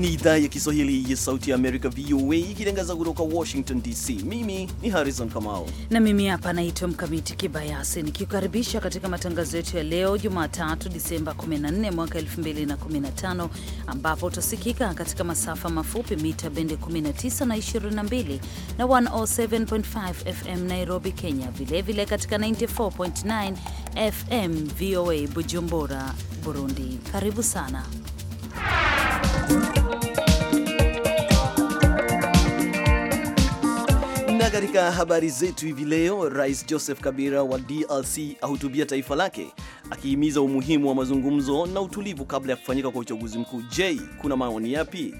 Hii ni idhaa ya Kiswahili ya Sauti ya Amerika, VOA, ikitangaza kutoka Washington DC. Mimi ni Harrison Kamau na mimi hapa naitwa Mkamiti Kibayasi, nikikukaribisha katika matangazo yetu ya leo Jumatatu, Disemba 14 mwaka 2015, ambapo utasikika katika masafa mafupi mita bendi 19 na 22 na 107.5 FM Nairobi, Kenya, vilevile vile katika 94.9 FM VOA Bujumbura, Burundi. Karibu sana. katika habari zetu hivi leo, Rais Joseph Kabila wa DRC ahutubia taifa lake akihimiza umuhimu wa mazungumzo na utulivu kabla ya kufanyika kwa uchaguzi mkuu. Je, kuna maoni yapi?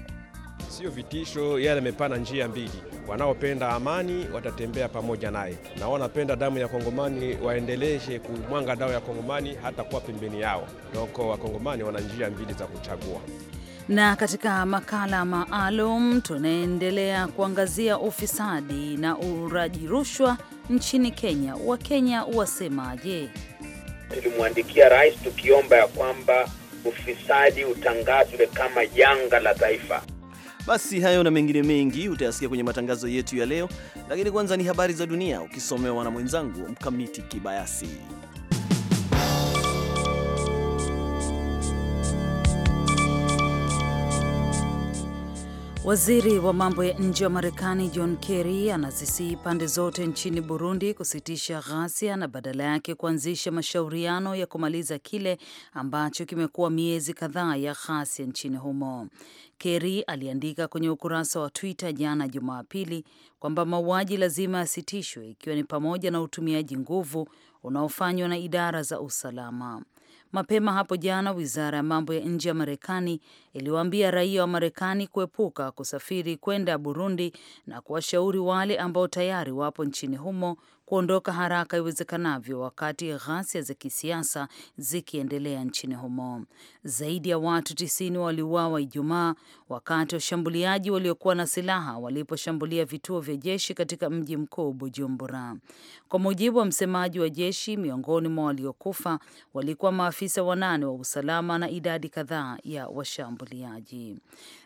Sio vitisho, yeye amepana njia mbili. Wanaopenda amani watatembea pamoja naye, na wanapenda damu ya Kongomani waendeleshe kumwanga damu ya Kongomani hata kuwa pembeni yao. Doko Wakongomani wana njia mbili za kuchagua. Na katika makala maalum tunaendelea kuangazia ufisadi na uraji rushwa nchini Kenya. Wakenya wasemaje? Tulimwandikia rais tukiomba ya kwamba ufisadi utangazwe kama janga la taifa. Basi hayo na mengine mengi utayasikia kwenye matangazo yetu ya leo, lakini kwanza ni habari za dunia ukisomewa na mwenzangu Mkamiti Kibayasi. Waziri wa mambo ya nje wa Marekani John Kerry anazisihi pande zote nchini Burundi kusitisha ghasia na badala yake kuanzisha mashauriano ya kumaliza kile ambacho kimekuwa miezi kadhaa ya ghasia nchini humo. Kerry aliandika kwenye ukurasa wa Twitter jana Jumapili kwamba mauaji lazima yasitishwe, ikiwa ni pamoja na utumiaji nguvu unaofanywa na idara za usalama. Mapema hapo jana, wizara ya mambo ya nje ya Marekani iliwaambia raia wa Marekani kuepuka kusafiri kwenda Burundi na kuwashauri wale ambao tayari wapo nchini humo kuondoka haraka iwezekanavyo wakati ghasia za kisiasa zikiendelea nchini humo. Zaidi ya watu tisini waliuawa Ijumaa wakati washambuliaji waliokuwa na silaha waliposhambulia vituo vya jeshi katika mji mkuu Bujumbura. Kwa mujibu wa msemaji wa jeshi, miongoni mwa waliokufa walikuwa maafisa wanane wa usalama na idadi kadhaa ya washambuliaji.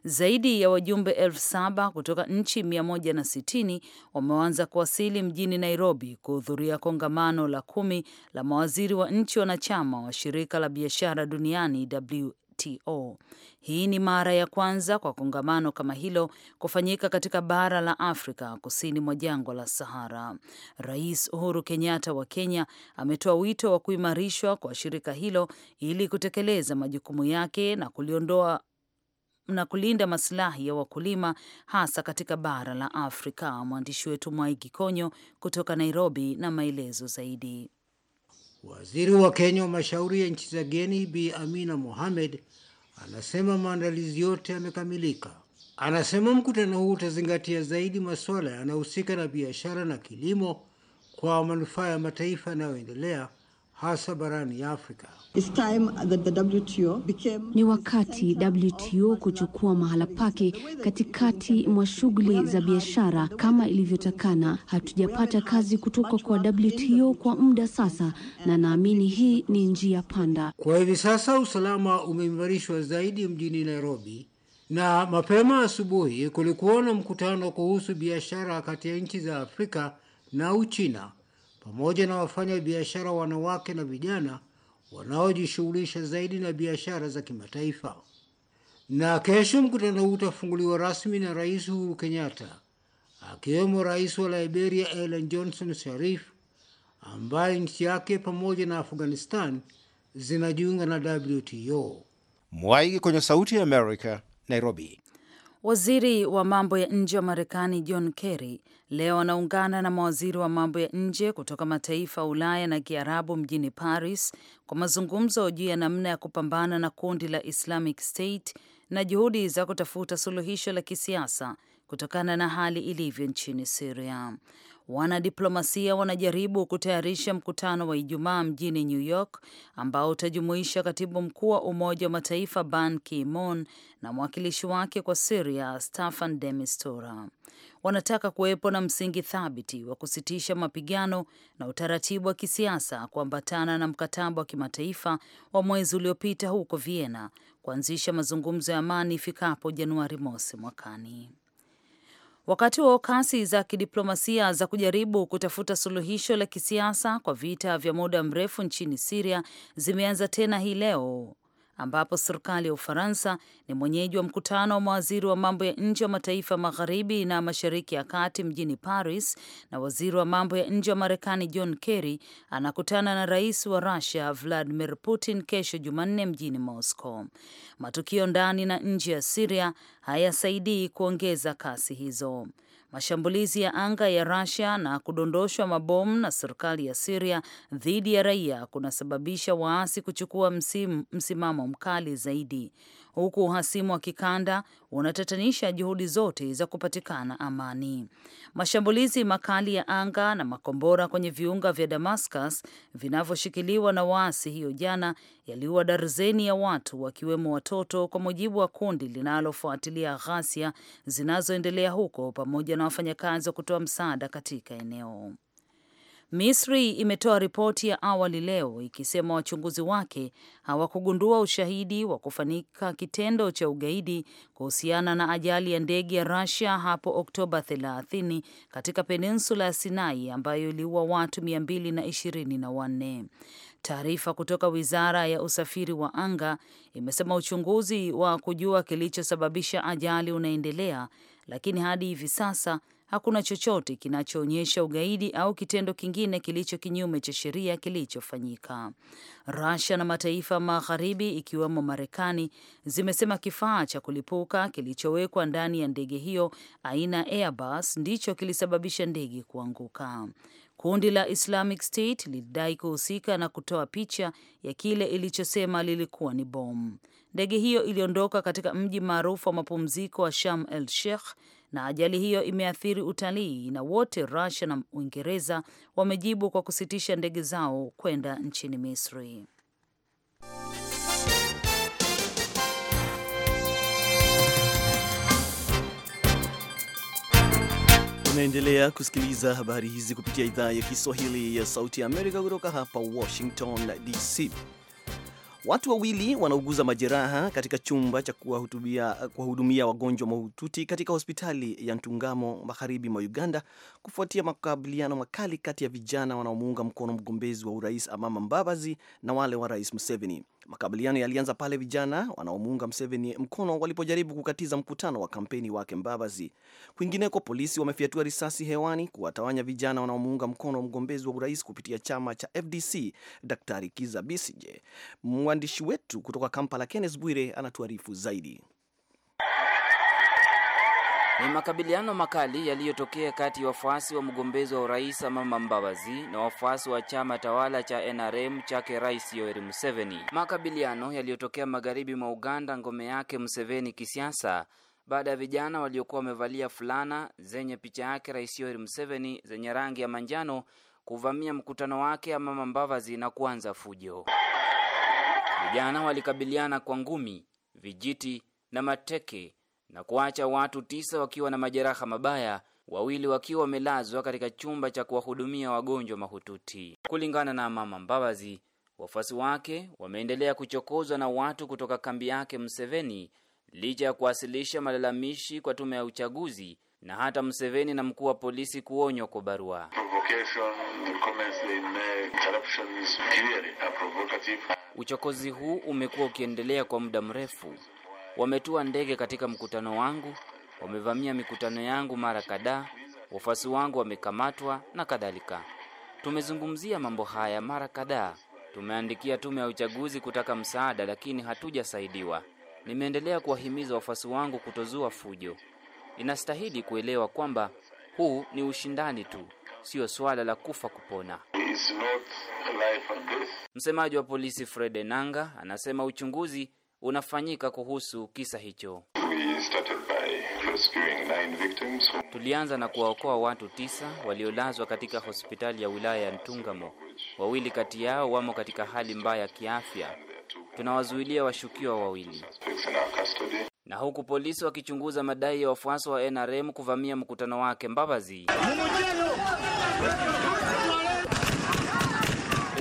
Zaidi ya wajumbe elfu saba kutoka nchi 160 wameanza kuwasili mjini Nairobi kuhudhuria kongamano la kumi la mawaziri wa nchi wanachama wa shirika la biashara duniani WTO. Hii ni mara ya kwanza kwa kongamano kama hilo kufanyika katika bara la Afrika kusini mwa jangwa la Sahara. Rais Uhuru Kenyatta wa Kenya ametoa wito wa kuimarishwa kwa shirika hilo ili kutekeleza majukumu yake na kuliondoa na kulinda masilahi ya wakulima hasa katika bara la Afrika. Mwandishi wetu mwaigi konyo kutoka Nairobi na maelezo zaidi. Waziri wa Kenya wa mashauri ya nchi za geni Bi Amina Mohamed anasema maandalizi yote yamekamilika. Anasema mkutano huu utazingatia zaidi masuala yanayohusika na biashara na kilimo kwa manufaa ya mataifa yanayoendelea hasa barani ya Afrika. It's time that the WTO became... ni wakati WTO kuchukua mahala pake katikati mwa shughuli za biashara kama ilivyotakana. Hatujapata kazi kutoka kwa WTO kwa muda sasa, na naamini hii ni njia panda. Kwa hivi sasa usalama umeimarishwa zaidi mjini Nairobi, na mapema asubuhi kulikuwa na mkutano kuhusu biashara kati ya nchi za Afrika na Uchina pamoja na wafanya biashara wanawake na vijana wanaojishughulisha zaidi na biashara za kimataifa. Na kesho mkutano huu utafunguliwa rasmi na Rais Uhuru Kenyatta, akiwemo rais wa Liberia Ellen Johnson Sirleaf ambaye nchi yake pamoja na Afghanistan zinajiunga na WTO. Mwaigi kwenye Sauti ya America, Nairobi. Waziri wa mambo ya nje wa Marekani John Kerry leo anaungana na mawaziri wa mambo ya nje kutoka mataifa ya Ulaya na Kiarabu mjini Paris kwa mazungumzo juu ya namna ya kupambana na kundi la Islamic State na juhudi za kutafuta suluhisho la kisiasa kutokana na hali ilivyo nchini siria Wanadiplomasia wanajaribu kutayarisha mkutano wa Ijumaa mjini New York ambao utajumuisha katibu mkuu wa Umoja wa Mataifa Ban Ki-moon na mwakilishi wake kwa Siria Staffan de Mistura. Wanataka kuwepo na msingi thabiti wa kusitisha mapigano na utaratibu wa kisiasa kuambatana na mkataba wa kimataifa wa mwezi uliopita huko Vienna kuanzisha mazungumzo ya amani ifikapo Januari mosi mwakani. Wakati wa kasi za kidiplomasia za kujaribu kutafuta suluhisho la kisiasa kwa vita vya muda mrefu nchini Siria zimeanza tena hii leo ambapo serikali ya Ufaransa ni mwenyeji wa mkutano wa mawaziri wa mambo ya nje wa mataifa magharibi na mashariki ya kati mjini Paris, na waziri wa mambo ya nje wa Marekani John Kerry anakutana na rais wa Rusia Vladimir Putin kesho Jumanne mjini Moscow. Matukio ndani na nje ya Siria hayasaidii kuongeza kasi hizo mashambulizi ya anga ya Russia na kudondoshwa mabomu na serikali ya Syria dhidi ya raia kunasababisha waasi kuchukua msimamo mkali zaidi huku uhasimu wa kikanda unatatanisha juhudi zote za kupatikana amani. Mashambulizi makali ya anga na makombora kwenye viunga vya Damascus vinavyoshikiliwa na waasi hiyo jana yaliua darzeni ya watu wakiwemo watoto, kwa mujibu wa kundi linalofuatilia ghasia zinazoendelea huko pamoja na wafanyakazi wa kutoa msaada katika eneo. Misri imetoa ripoti ya awali leo ikisema wachunguzi wake hawakugundua ushahidi wa kufanyika kitendo cha ugaidi kuhusiana na ajali ya ndege ya Russia hapo Oktoba 30 katika peninsula ya Sinai ambayo iliua watu 224. Taarifa kutoka Wizara ya Usafiri wa Anga imesema uchunguzi wa kujua kilichosababisha ajali unaendelea, lakini hadi hivi sasa hakuna chochote kinachoonyesha ugaidi au kitendo kingine kilicho kinyume cha sheria kilichofanyika. Rasia na mataifa magharibi ikiwemo Marekani zimesema kifaa cha kulipuka kilichowekwa ndani ya ndege hiyo aina ya Airbus ndicho kilisababisha ndege kuanguka. Kundi la Islamic State lilidai kuhusika na kutoa picha ya kile ilichosema lilikuwa ni bomu. Ndege hiyo iliondoka katika mji maarufu wa mapumziko wa Sharm el Sheikh na ajali hiyo imeathiri utalii, na wote Russia na Uingereza wamejibu kwa kusitisha ndege zao kwenda nchini Misri. Unaendelea kusikiliza habari hizi kupitia idhaa ya Kiswahili ya Sauti ya Amerika kutoka hapa Washington DC. Watu wawili wanauguza majeraha katika chumba cha kuwahudumia wagonjwa mahututi katika hospitali ya Ntungamo magharibi mwa Uganda kufuatia makabiliano makali kati ya vijana wanaomuunga mkono mgombezi wa urais Amama Mbabazi na wale wa Rais Museveni. Makabiliano yalianza pale vijana wanaomuunga Mseveni mkono walipojaribu kukatiza mkutano wa kampeni wake Mbabazi. Kwingineko, polisi wamefyatua risasi hewani kuwatawanya vijana wanaomuunga mkono mgombezi wa urais kupitia chama cha FDC, Daktari Kiza Bisije. Mwandishi wetu kutoka Kampala, Kenneth Bwire, anatuarifu zaidi. Ni makabiliano makali yaliyotokea kati ya wafuasi wa mgombezi wa urais Amama Mbabazi na wafuasi wa chama tawala cha NRM chake Rais Yoweri Museveni. Makabiliano yaliyotokea magharibi mwa Uganda, ngome yake Museveni kisiasa, baada ya vijana waliokuwa wamevalia fulana zenye picha yake Rais Yoweri Museveni zenye rangi ya manjano kuvamia mkutano wake Amama Mbabazi na kuanza fujo. Vijana walikabiliana kwa ngumi, vijiti na mateke na kuacha watu tisa wakiwa na majeraha mabaya, wawili wakiwa wamelazwa katika chumba cha kuwahudumia wagonjwa mahututi. Kulingana na Mama Mbabazi, wafuasi wake wameendelea kuchokozwa na watu kutoka kambi yake Mseveni licha ya kuwasilisha malalamishi kwa tume ya uchaguzi na hata Mseveni na mkuu wa polisi kuonywa kwa barua. Uchokozi huu umekuwa ukiendelea kwa muda mrefu Wametua ndege katika mkutano wangu, wamevamia mikutano yangu mara kadhaa, wafuasi wangu wamekamatwa na kadhalika. Tumezungumzia mambo haya mara kadhaa. Tumeandikia tume ya uchaguzi kutaka msaada, lakini hatujasaidiwa. Nimeendelea kuwahimiza wafuasi wangu kutozua fujo. Inastahili kuelewa kwamba huu ni ushindani tu, sio suala la kufa kupona. Msemaji wa polisi Fred Enanga anasema uchunguzi unafanyika kuhusu kisa hicho. Tulianza na kuwaokoa watu tisa waliolazwa katika hospitali ya wilaya ya Ntungamo. Wawili kati yao wamo katika hali mbaya ya kiafya. Tunawazuilia washukiwa wawili, na huku polisi wakichunguza madai ya wafuasi wa NRM kuvamia mkutano wake Mbabazi.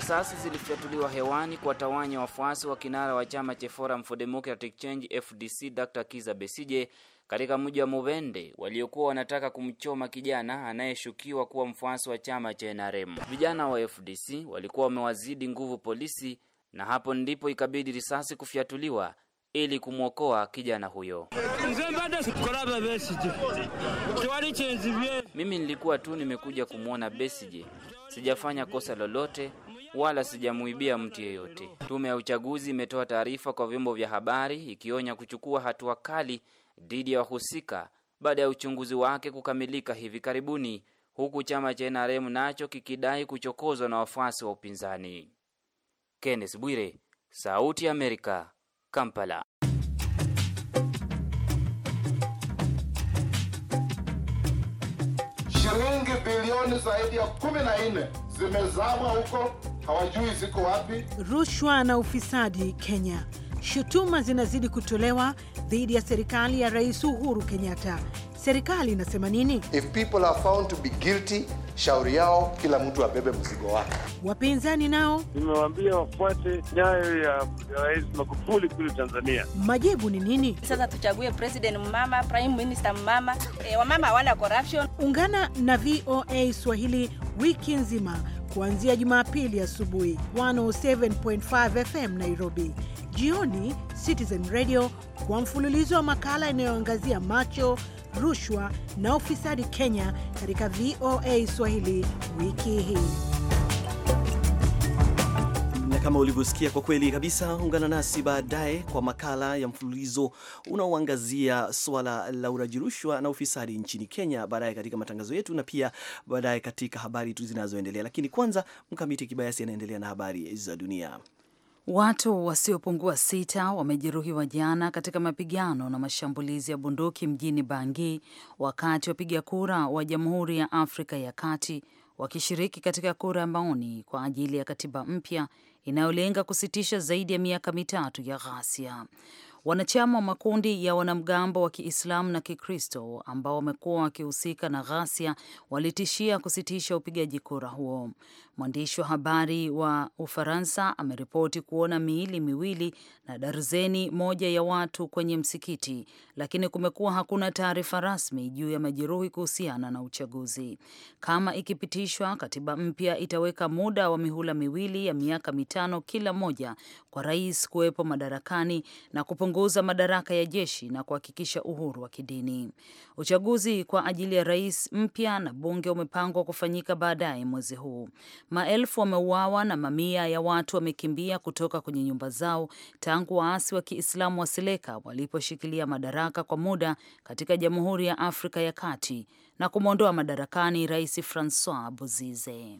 Risasi zilifyatuliwa hewani kuwatawanya wafuasi wa kinara wa chama cha Forum for Democratic Change FDC Dr. Kiza Besije katika mji wa Mubende waliokuwa wanataka kumchoma kijana anayeshukiwa kuwa mfuasi wa chama cha NRM. Vijana wa FDC walikuwa wamewazidi nguvu polisi na hapo ndipo ikabidi risasi kufyatuliwa ili kumwokoa kijana huyo. Mimi nilikuwa tu nimekuja kumwona Besije, sijafanya kosa lolote wala sijamuibia mtu yeyote. Tume ya uchaguzi imetoa taarifa kwa vyombo vya habari ikionya kuchukua hatua kali dhidi ya wahusika baada ya uchunguzi wake kukamilika hivi karibuni, huku chama cha NRM nacho kikidai kuchokozwa na wafuasi wa upinzani. Kenneth Bwire, Sauti ya Amerika, Kampala. Shilingi bilioni zaidi ya 14 zimezama huko hawajui ziko wapi. Rushwa na ufisadi Kenya, shutuma zinazidi kutolewa dhidi ya serikali ya Rais Uhuru Kenyatta. Serikali inasema nini? If people are found to be guilty, shauri yao kila mtu abebe mzigo wake. Wapinzani nao nimewaambia wafuate nyayo ya Rais Magufuli kule Tanzania. Majibu ni nini? Sasa tuchague president mmama, prime minister mmama. E, eh, wamama hawana corruption. Ungana na VOA Swahili wiki nzima kuanzia Jumapili asubuhi 107.5 FM Nairobi, jioni Citizen Radio kwa mfululizo wa makala inayoangazia macho, rushwa na ufisadi Kenya katika VOA Swahili wiki hii. Kama ulivyosikia kwa kweli kabisa, ungana nasi baadaye kwa makala ya mfululizo unaoangazia swala la uraji rushwa na ufisadi nchini Kenya, baadaye katika matangazo yetu na pia baadaye katika habari tu zinazoendelea. Lakini kwanza, Mkamiti Kibayasi anaendelea na habari za dunia. Watu wasiopungua sita wamejeruhiwa jana katika mapigano na mashambulizi ya bunduki mjini Bangi wakati wapiga kura wa Jamhuri ya Afrika ya Kati wakishiriki katika kura ya maoni kwa ajili ya katiba mpya inayolenga kusitisha zaidi ya miaka mitatu ya ghasia. Wanachama wa makundi ya wanamgambo wa Kiislamu na Kikristo ambao wamekuwa wakihusika na ghasia walitishia kusitisha upigaji kura huo. Mwandishi wa habari wa Ufaransa ameripoti kuona miili miwili na darzeni moja ya watu kwenye msikiti, lakini kumekuwa hakuna taarifa rasmi juu ya majeruhi kuhusiana na uchaguzi. Kama ikipitishwa, katiba mpya itaweka muda wa mihula miwili ya miaka mitano kila moja kwa rais kuwepo madarakani na kupunguza kupunguza madaraka ya jeshi na kuhakikisha uhuru wa kidini. Uchaguzi kwa ajili ya rais mpya na bunge umepangwa kufanyika baadaye mwezi huu. Maelfu wameuawa na mamia ya watu wamekimbia kutoka kwenye nyumba zao tangu waasi wa Kiislamu wa Seleka waliposhikilia madaraka kwa muda katika Jamhuri ya Afrika ya Kati na kumwondoa madarakani Rais Francois Bozize.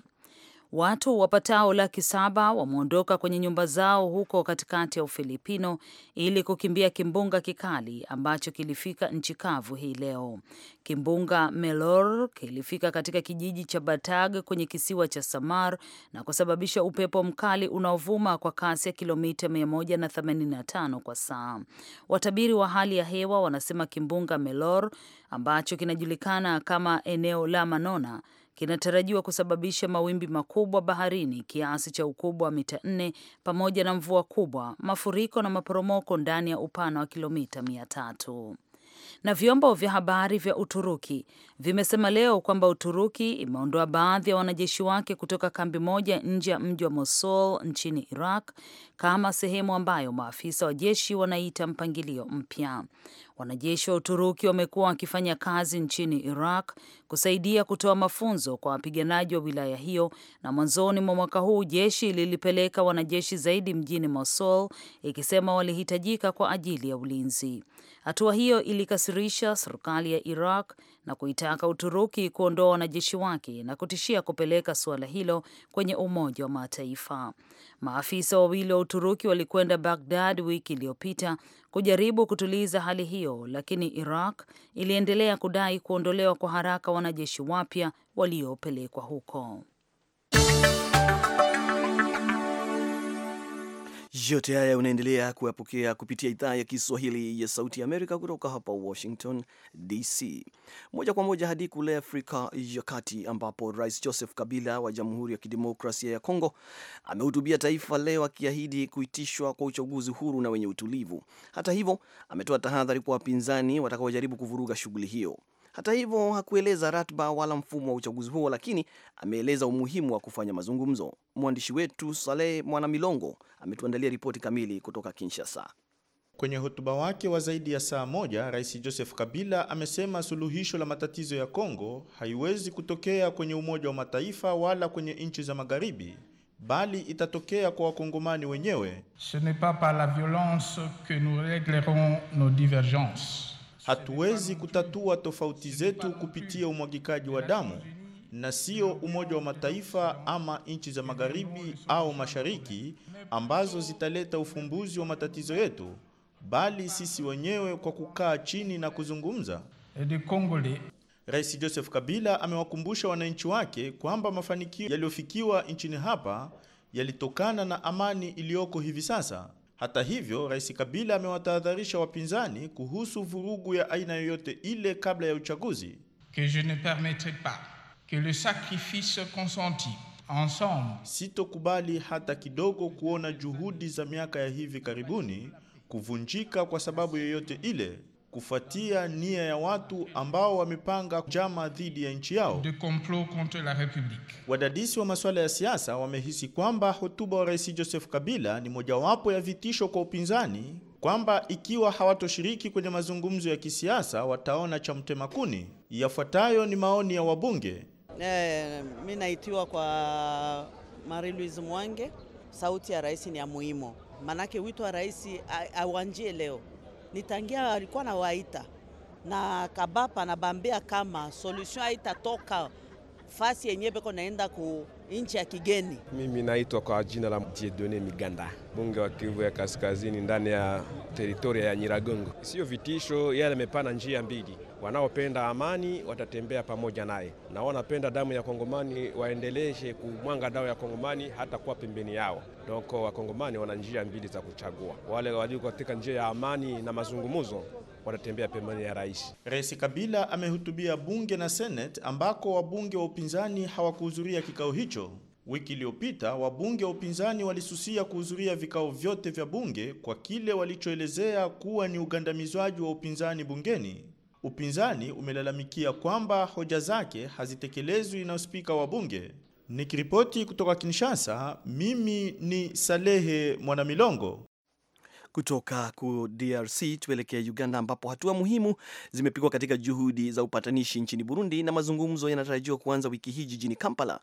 Watu wapatao laki saba wameondoka kwenye nyumba zao huko katikati ya Ufilipino ili kukimbia kimbunga kikali ambacho kilifika nchi kavu hii leo. Kimbunga Melor kilifika katika kijiji cha Batag kwenye kisiwa cha Samar na kusababisha upepo mkali unaovuma kwa kasi ya kilomita 185 kwa saa. Watabiri wa hali ya hewa wanasema kimbunga Melor ambacho kinajulikana kama eneo la Manona kinatarajiwa kusababisha mawimbi makubwa baharini kiasi cha ukubwa wa mita nne pamoja na mvua kubwa, mafuriko na maporomoko ndani ya upana wa kilomita mia tatu na vyombo vya habari vya Uturuki vimesema leo kwamba Uturuki imeondoa baadhi ya wanajeshi wake kutoka kambi moja nje ya mji wa Mosul nchini Iraq kama sehemu ambayo maafisa wa jeshi wanaita mpangilio mpya. Wanajeshi wa Uturuki wamekuwa wakifanya kazi nchini Iraq kusaidia kutoa mafunzo kwa wapiganaji wa wilaya hiyo, na mwanzoni mwa mwaka huu jeshi lilipeleka wanajeshi zaidi mjini Mosul ikisema walihitajika kwa ajili ya ulinzi. Hatua hiyo ilikasirisha serikali ya Iraq na kuitaka Uturuki kuondoa wanajeshi wake na kutishia kupeleka suala hilo kwenye Umoja wa Mataifa. Maafisa wawili wa Uturuki walikwenda Bagdad wiki iliyopita kujaribu kutuliza hali hiyo, lakini Iraq iliendelea kudai kuondolewa kwa haraka wanajeshi wapya waliopelekwa huko. Yote haya unaendelea kuyapokea kupitia idhaa ya Kiswahili ya Sauti ya Amerika kutoka hapa Washington DC, moja kwa moja hadi kule Afrika ya Kati, ambapo Rais Joseph Kabila wa Jamhuri ya Kidemokrasia ya Kongo amehutubia taifa leo akiahidi kuitishwa kwa uchaguzi huru na wenye utulivu. Hata hivyo, ametoa tahadhari kwa wapinzani watakaojaribu kuvuruga shughuli hiyo. Hata hivyo hakueleza ratiba wala mfumo wa uchaguzi huo, lakini ameeleza umuhimu wa kufanya mazungumzo. Mwandishi wetu Saleh Mwanamilongo ametuandalia ripoti kamili kutoka Kinshasa. Kwenye hotuba wake wa zaidi ya saa moja, Rais Joseph Kabila amesema suluhisho la matatizo ya Kongo haiwezi kutokea kwenye Umoja wa Mataifa wala kwenye nchi za magharibi bali itatokea kwa wakongomani wenyewe. Ce n'est pas par la violence que nous réglerons nos divergences. Hatuwezi kutatua tofauti zetu kupitia umwagikaji wa damu na sio Umoja wa Mataifa ama nchi za magharibi au mashariki ambazo zitaleta ufumbuzi wa matatizo yetu, bali sisi wenyewe kwa kukaa chini na kuzungumza. Rais Joseph Kabila amewakumbusha wananchi wake kwamba mafanikio yaliyofikiwa nchini hapa yalitokana na amani iliyoko hivi sasa. Hata hivyo, Rais Kabila amewatahadharisha wapinzani kuhusu vurugu ya aina yoyote ile kabla ya uchaguzi. Que je ne permettrai pas que le sacrifice consenti ensemble. Sitokubali hata kidogo kuona juhudi za miaka ya hivi karibuni kuvunjika kwa sababu yoyote ile kufuatia nia ya watu ambao wamepanga njama dhidi ya nchi yao. De complot contre la République. Wadadisi wa masuala ya siasa wamehisi kwamba hotuba wa Rais Joseph Kabila ni mojawapo ya vitisho kwa upinzani kwamba ikiwa hawatoshiriki kwenye mazungumzo ya kisiasa wataona cha mtema kuni. Yafuatayo ni maoni ya wabunge. Eh, mimi naitiwa kwa Marie Louise Mwange. Sauti ya rais ni ya muhimu, manake wito wa rais awanjie leo nitangia alikuwa na waita na kabapa na bambea kama solution haitatoka fasi yenye beko naenda ku nchi ya kigeni. Mimi naitwa kwa jina la Jedone Miganda, bunge wa Kivu ya Kaskazini ndani ya teritoria ya Nyiragongo. Sio vitisho, yale amepana njia mbili Wanaopenda amani watatembea pamoja naye, na wanapenda damu ya Kongomani waendeleshe kumwanga damu ya Kongomani hata kuwa pembeni yao. Doko Wakongomani wana njia mbili za kuchagua. Wale walio katika njia ya amani na mazungumzo watatembea pembeni ya rais. Rais Kabila amehutubia bunge na seneti, ambako wabunge wa upinzani hawakuhudhuria kikao hicho. Wiki iliyopita wabunge wa upinzani walisusia kuhudhuria vikao vyote vya bunge kwa kile walichoelezea kuwa ni ugandamizwaji wa upinzani bungeni upinzani umelalamikia kwamba hoja zake hazitekelezwi na spika wa bunge. Nikiripoti kutoka Kinshasa, mimi ni Salehe Mwanamilongo. Kutoka ku DRC tuelekee Uganda, ambapo hatua muhimu zimepigwa katika juhudi za upatanishi nchini Burundi, na mazungumzo yanatarajiwa kuanza wiki hii jijini Kampala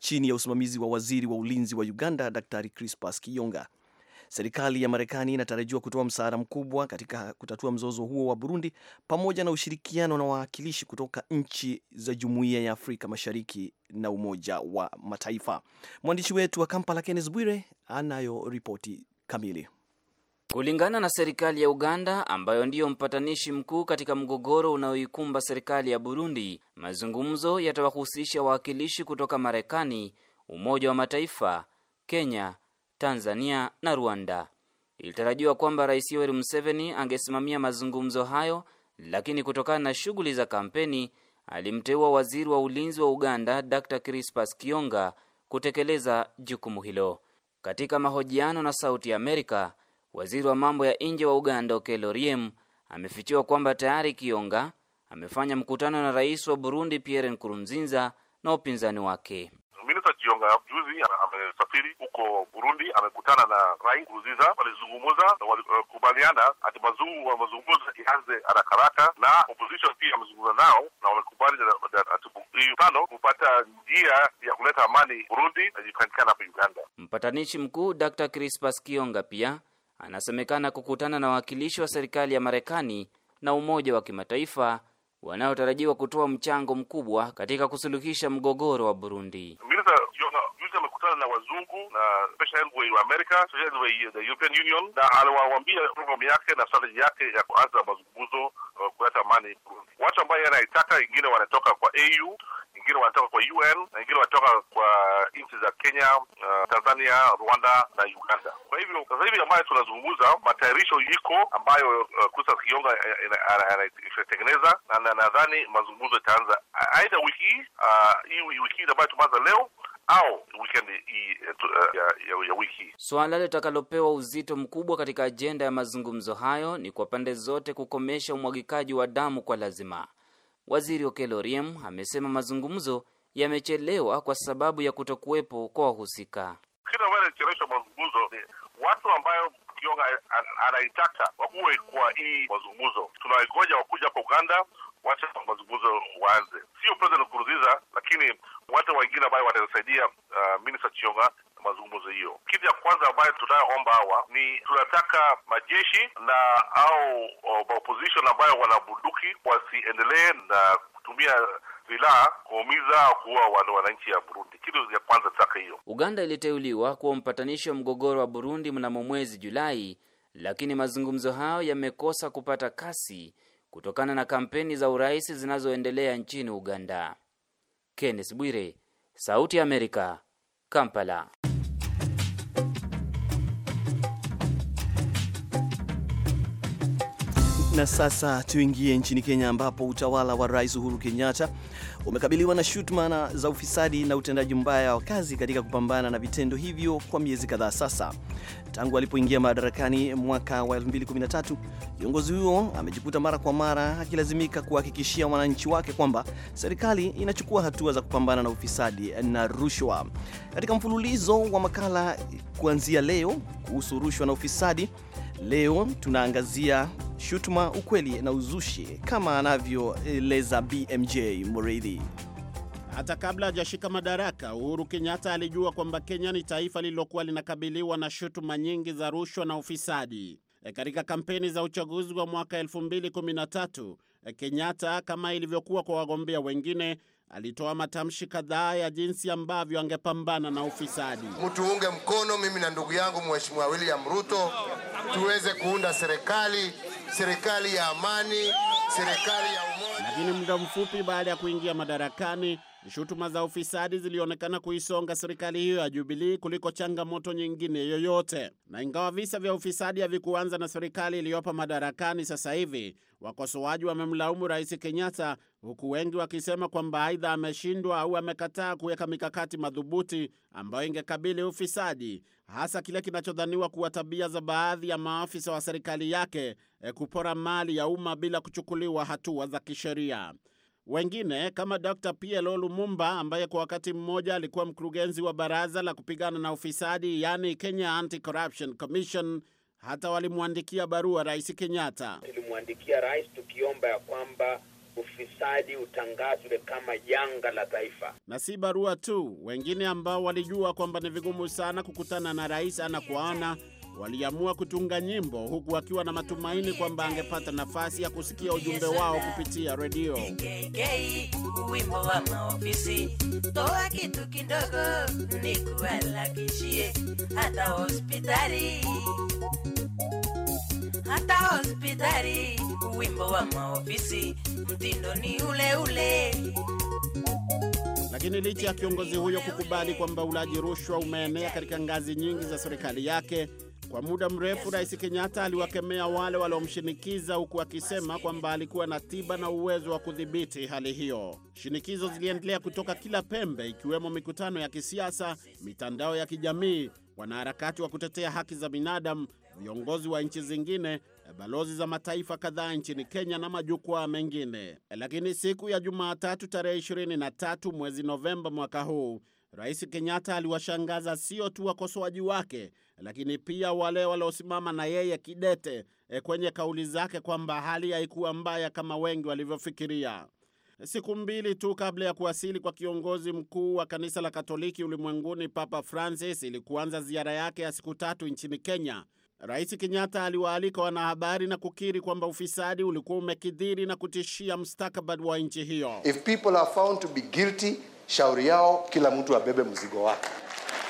chini ya usimamizi wa waziri wa ulinzi wa Uganda, Daktari Crispas Kiyonga. Serikali ya Marekani inatarajiwa kutoa msaada mkubwa katika kutatua mzozo huo wa Burundi pamoja na ushirikiano na wawakilishi kutoka nchi za Jumuiya ya Afrika Mashariki na Umoja wa Mataifa. Mwandishi wetu wa Kampala Kenneth Bwire anayo ripoti kamili. Kulingana na serikali ya Uganda ambayo ndiyo mpatanishi mkuu katika mgogoro unaoikumba serikali ya Burundi, mazungumzo yatawahusisha wawakilishi kutoka Marekani, Umoja wa Mataifa, Kenya, Tanzania na Rwanda. Ilitarajiwa kwamba Rais Yoweri Museveni angesimamia mazungumzo hayo, lakini kutokana na shughuli za kampeni alimteua waziri wa ulinzi wa Uganda Dr. Crispas Kionga kutekeleza jukumu hilo. Katika mahojiano na Sauti ya Amerika, waziri wa mambo ya nje wa Uganda Okello Oryem amefichiwa kwamba tayari Kionga amefanya mkutano na rais wa Burundi Pierre Nkurunziza na upinzani wake. Minista Kionga juzi amesafiri eh, huko Burundi, amekutana na Rais Nkurunziza, walizungumza na walikubaliana ati mazungumzo ianze haraka haraka, na opposition pia amezungumza nao na wamekubali tano kupata njia ya kuleta amani Burundi najipatikana hapo Uganda. Mpatanishi mkuu Dr. Crispas Kionga pia anasemekana kukutana na wawakilishi wa serikali ya Marekani na Umoja wa Kimataifa wanaotarajiwa kutoa mchango mkubwa katika kusuluhisha mgogoro wa Burundi. Minister sana na wazungu na Special Railway wa America, Special Railway the European Union, na aliwaambia programu yake na strategy yake ya kuanza mazungumzo uh, kuleta amani Watu ambaye anaitaka wengine wanatoka kwa AU wengine wanatoka kwa UN na wengine wanatoka kwa nchi za Kenya, uh, Tanzania, Rwanda na Uganda. Kwa hivyo sasa hivi ambayo tunazungumza, matayarisho yiko ambayo uh, Kusa Kionga eh, eh, eh, anaitengeneza na nadhani mazungumzo itaanza aidha wiki hii uh, wiki ambayo tumeanza leo au weekend eh, eh, ya, ya, ya wiki. Suala litakalopewa uzito mkubwa katika ajenda ya mazungumzo hayo ni kwa pande zote kukomesha umwagikaji wa damu kwa lazima. Waziri Okello Oryem amesema mazungumzo yamechelewa kwa sababu ya kutokuwepo kwa wahusika. Kila ambayo inachelewesha mazungumzo ni eh, watu ambayo Kionga anaitaka wakuwe kwa hii mazungumzo. Tunaigoja wakuja kwa Uganda wacha mazungumzo waanze, sio President Nkurunziza, lakini watu wengine ambayo watasaidia uh, Minister Chionga mazungumzo hiyo. Kitu ya kwanza ambayo tunayoomba hawa ni tunataka majeshi na au uh, opposition ambayo wanabunduki wasiendelee na kutumia silaha kuumiza kuwa kuua wale wananchi ya Burundi. Kitu ya kwanza taka hiyo. Uganda iliteuliwa kuwa mpatanishi wa mgogoro wa Burundi mnamo mwezi Julai, lakini mazungumzo hayo yamekosa kupata kasi kutokana na kampeni za urais zinazoendelea nchini Uganda. Kenneth Bwire, Sauti ya Amerika, Kampala. Na sasa tuingie nchini Kenya ambapo utawala wa Rais Uhuru Kenyatta umekabiliwa na shutuma za ufisadi na utendaji mbaya wa kazi katika kupambana na vitendo hivyo kwa miezi kadhaa sasa. Tangu alipoingia madarakani mwaka wa 2013, kiongozi huyo amejikuta mara kwa mara akilazimika kuhakikishia wananchi wake kwamba serikali inachukua hatua za kupambana na ufisadi na rushwa. Katika mfululizo wa makala kuanzia leo kuhusu rushwa na ufisadi, leo tunaangazia shutuma, ukweli na uzushi, kama anavyoeleza BMJ Muridhi. Hata kabla hajashika madaraka, Uhuru Kenyatta alijua kwamba Kenya ni taifa lililokuwa linakabiliwa na shutuma nyingi za rushwa na ufisadi. E, katika kampeni za uchaguzi wa mwaka 2013 e, Kenyatta kama ilivyokuwa kwa wagombea wengine alitoa matamshi kadhaa ya jinsi ambavyo angepambana na ufisadi. Mtuunge mkono mimi na ndugu yangu Mheshimiwa William Ruto tuweze kuunda serikali serikali ya amani, serikali ya umoja. Lakini muda mfupi baada ya kuingia madarakani Shutuma za ufisadi zilionekana kuisonga serikali hiyo ya Jubilii kuliko changamoto nyingine yoyote. Na ingawa visa vya ufisadi havikuanza na serikali iliyopo madarakani sasa hivi, wakosoaji wamemlaumu Rais Kenyatta, huku wengi wakisema kwamba aidha ameshindwa au amekataa kuweka mikakati madhubuti ambayo ingekabili ufisadi, hasa kile kinachodhaniwa kuwa tabia za baadhi ya maafisa wa serikali yake eh, kupora mali ya umma bila kuchukuliwa hatua za kisheria wengine kama Dr. Pierre Lumumba ambaye kwa wakati mmoja alikuwa mkurugenzi wa baraza la kupigana na ufisadi, yaani Kenya Anti-Corruption Commission. Hata walimwandikia barua Rais Kenyatta. Tulimwandikia rais tukiomba ya kwamba ufisadi utangazwe kama janga la taifa. Na si barua tu, wengine ambao walijua kwamba ni vigumu sana kukutana na rais ana kwa ana waliamua kutunga nyimbo huku wakiwa na matumaini kwamba angepata nafasi ya kusikia ujumbe wao kupitia redio. Wimbo wa maofisi, toa kitu kidogo hata hospitali hata hospitali. Wimbo wa maofisi, mtindo ni ule ule. Lakini licha ya kiongozi huyo kukubali kwamba ulaji rushwa umeenea katika ngazi nyingi za serikali yake kwa muda mrefu Rais Kenyatta aliwakemea wale waliomshinikiza, huku akisema kwamba alikuwa na tiba na uwezo wa kudhibiti hali hiyo. Shinikizo ziliendelea kutoka kila pembe, ikiwemo mikutano ya kisiasa, mitandao ya kijamii, wanaharakati wa kutetea haki za binadamu, viongozi wa nchi zingine, balozi za mataifa kadhaa nchini Kenya na majukwaa mengine. Lakini siku ya Jumatatu tarehe 23 mwezi Novemba mwaka huu Rais Kenyatta aliwashangaza sio tu wakosoaji wake, lakini pia wale waliosimama na yeye kidete e, kwenye kauli zake kwamba hali haikuwa mbaya kama wengi walivyofikiria. Siku mbili tu kabla ya kuwasili kwa kiongozi mkuu wa kanisa la Katoliki ulimwenguni Papa Francis ili kuanza ziara yake ya siku tatu nchini Kenya, Rais Kenyatta aliwaalika wanahabari na kukiri kwamba ufisadi ulikuwa umekidhiri na kutishia mustakabali wa nchi hiyo. If people are found to be guilty shauri yao, kila mtu abebe mzigo wake.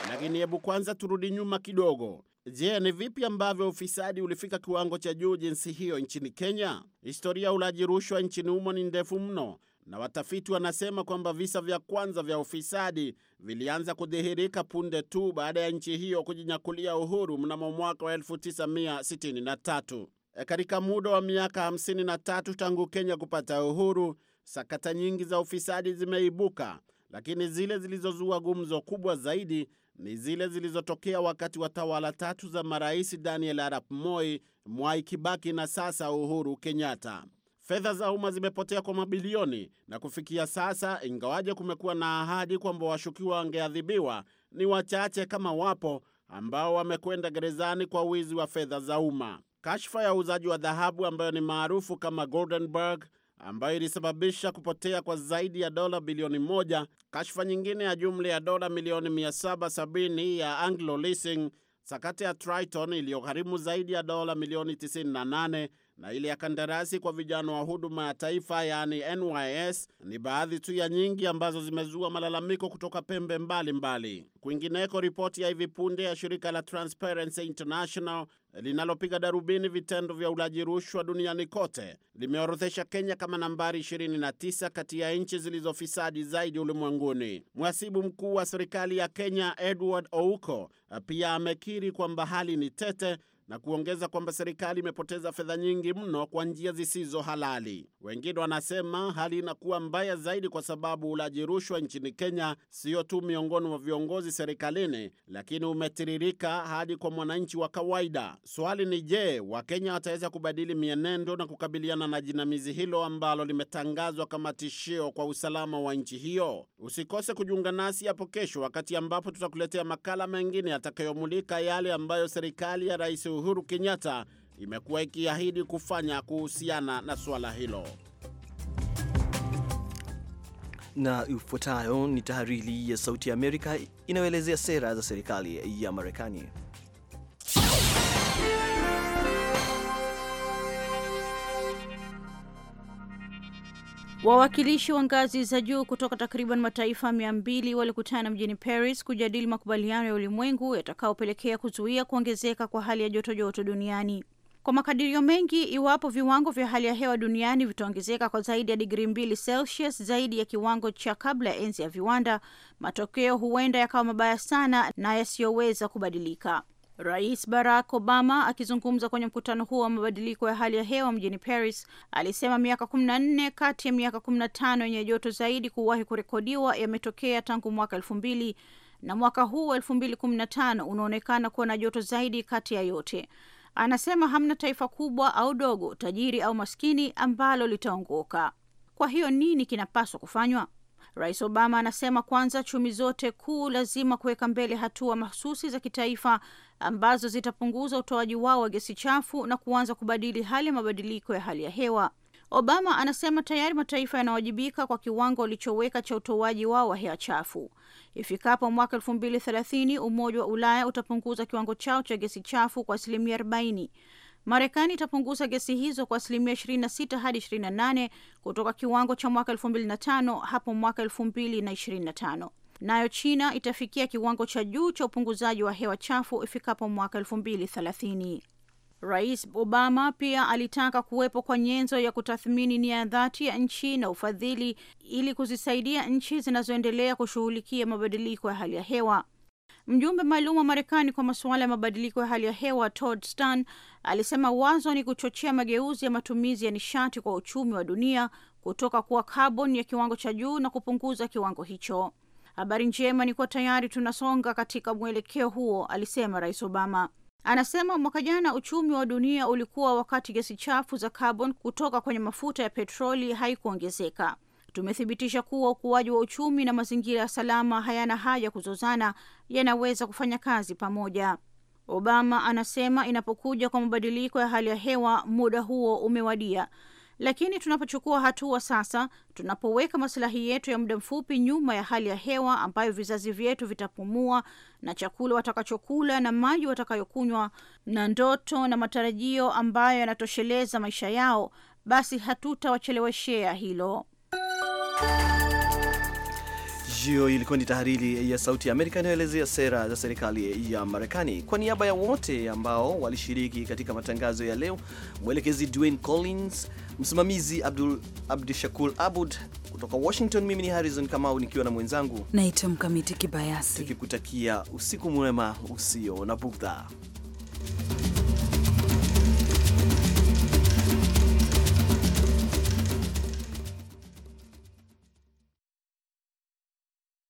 Lakini hebu kwanza turudi nyuma kidogo. Je, ni vipi ambavyo ufisadi ulifika kiwango cha juu jinsi hiyo nchini Kenya? Historia ya ulaji rushwa nchini humo ni ndefu mno, na watafiti wanasema kwamba visa vya kwanza vya ufisadi vilianza kudhihirika punde tu baada ya nchi hiyo kujinyakulia uhuru mnamo mwaka wa 1963. E, katika muda wa miaka 53 tangu Kenya kupata uhuru, sakata nyingi za ufisadi zimeibuka lakini zile zilizozua gumzo kubwa zaidi ni zile zilizotokea wakati wa tawala tatu za marais Daniel Arap Moi, Mwai Kibaki na sasa Uhuru Kenyatta. Fedha za umma zimepotea kwa mabilioni, na kufikia sasa, ingawaje kumekuwa na ahadi kwamba washukiwa wangeadhibiwa, ni wachache kama wapo ambao wamekwenda gerezani kwa wizi wa fedha za umma. Kashfa ya uuzaji wa dhahabu ambayo ni maarufu kama Goldenberg ambayo ilisababisha kupotea kwa zaidi ya dola bilioni moja. Kashfa nyingine ya jumla ya dola milioni 770 ya Anglo Leasing, sakata ya Triton iliyogharimu zaidi ya dola milioni 98 na ile ya kandarasi kwa vijana wa huduma ya taifa yaani NYS ni baadhi tu ya nyingi ambazo zimezua malalamiko kutoka pembe mbalimbali Kwingineko, ripoti ya hivi punde ya shirika la Transparency International linalopiga darubini vitendo vya ulaji rushwa duniani kote limeorodhesha Kenya kama nambari 29 kati ya nchi zilizofisadi zaidi ulimwenguni. Mhasibu mkuu wa serikali ya Kenya Edward Ouko pia amekiri kwamba hali ni tete na kuongeza kwamba serikali imepoteza fedha nyingi mno kwa njia zisizo halali. Wengine wanasema hali inakuwa mbaya zaidi kwa sababu ulaji rushwa nchini Kenya sio tu miongoni mwa viongozi serikalini, lakini umetiririka hadi kwa mwananchi wa kawaida. Swali ni je, Wakenya wataweza kubadili mienendo na kukabiliana na jinamizi hilo ambalo limetangazwa kama tishio kwa usalama wa nchi hiyo? Usikose kujiunga nasi hapo kesho, wakati ambapo tutakuletea makala mengine yatakayomulika yale ambayo serikali ya Rais Uhuru Kenyatta imekuwa ikiahidi kufanya kuhusiana na suala hilo. Na ifuatayo ni tahariri ya Sauti ya Amerika inayoelezea sera za serikali ya Marekani. Wawakilishi wa ngazi za juu kutoka takriban mataifa mia mbili walikutana mjini Paris kujadili makubaliano ya ulimwengu yatakaopelekea kuzuia kuongezeka kwa hali ya jotojoto joto duniani. Kwa makadirio mengi, iwapo viwango vya hali ya hewa duniani vitaongezeka kwa zaidi ya digrii mbili Celsius zaidi ya kiwango cha kabla ya enzi ya viwanda, matokeo huenda yakawa mabaya sana na yasiyoweza kubadilika. Rais Barack Obama akizungumza kwenye mkutano huo wa mabadiliko ya hali ya hewa mjini Paris alisema miaka kumi na nne kati ya miaka kumi na tano yenye joto zaidi kuwahi kurekodiwa yametokea tangu mwaka elfu mbili na mwaka huu wa elfu mbili kumi na tano unaonekana kuwa na joto zaidi kati ya yote. Anasema hamna taifa kubwa au dogo, tajiri au maskini, ambalo litaongoka. Kwa hiyo nini kinapaswa kufanywa? Rais Obama anasema kwanza, chumi zote kuu lazima kuweka mbele hatua mahsusi za kitaifa ambazo zitapunguza utoaji wao wa gesi chafu na kuanza kubadili hali ya mabadiliko ya hali ya hewa. Obama anasema tayari mataifa yanawajibika kwa kiwango walichoweka cha utoaji wao wa hewa chafu. Ifikapo mwaka elfu mbili thelathini, Umoja wa Ulaya utapunguza kiwango chao cha gesi chafu kwa asilimia arobaini. Marekani itapunguza gesi hizo kwa asilimia 26 hadi 28 kutoka kiwango cha mwaka 2005 hapo mwaka 2025. Nayo China itafikia kiwango cha juu cha upunguzaji wa hewa chafu ifikapo mwaka 2030. Rais Obama pia alitaka kuwepo kwa nyenzo ya kutathmini nia dhati ya nchi na ufadhili ili kuzisaidia nchi zinazoendelea kushughulikia mabadiliko ya hali ya hewa. Mjumbe maalum wa Marekani kwa masuala ya mabadiliko ya hali ya hewa Todd Stern alisema wazo ni kuchochea mageuzi ya matumizi ya nishati kwa uchumi wa dunia kutoka kuwa kabon ya kiwango cha juu na kupunguza kiwango hicho. Habari njema ni kuwa tayari tunasonga katika mwelekeo huo, alisema Rais Obama. Anasema mwaka jana uchumi wa dunia ulikuwa wakati gesi chafu za kaboni kutoka kwenye mafuta ya petroli haikuongezeka. Tumethibitisha kuwa ukuaji wa uchumi na mazingira ya salama hayana haja kuzozana, yanaweza kufanya kazi pamoja. Obama anasema inapokuja kwa mabadiliko ya hali ya hewa, muda huo umewadia. Lakini tunapochukua hatua sasa, tunapoweka masilahi yetu ya muda mfupi nyuma ya hali ya hewa ambayo vizazi vyetu vitapumua na chakula watakachokula na maji watakayokunywa na ndoto na matarajio ambayo yanatosheleza maisha yao, basi hatutawacheleweshea hilo. Hiyo ilikuwa ni tahariri ya Sauti ya Amerika inayoelezea sera za serikali ya Marekani. Kwa niaba ya wote ambao walishiriki katika matangazo ya leo, mwelekezi Dwayne Collins, msimamizi Abdul Abdishakur Abud kutoka Washington, mimi ni Harrison Kamau nikiwa na mwenzangu naitwa Mkamiti Kibayasi, tukikutakia usiku mwema usio na bughudha.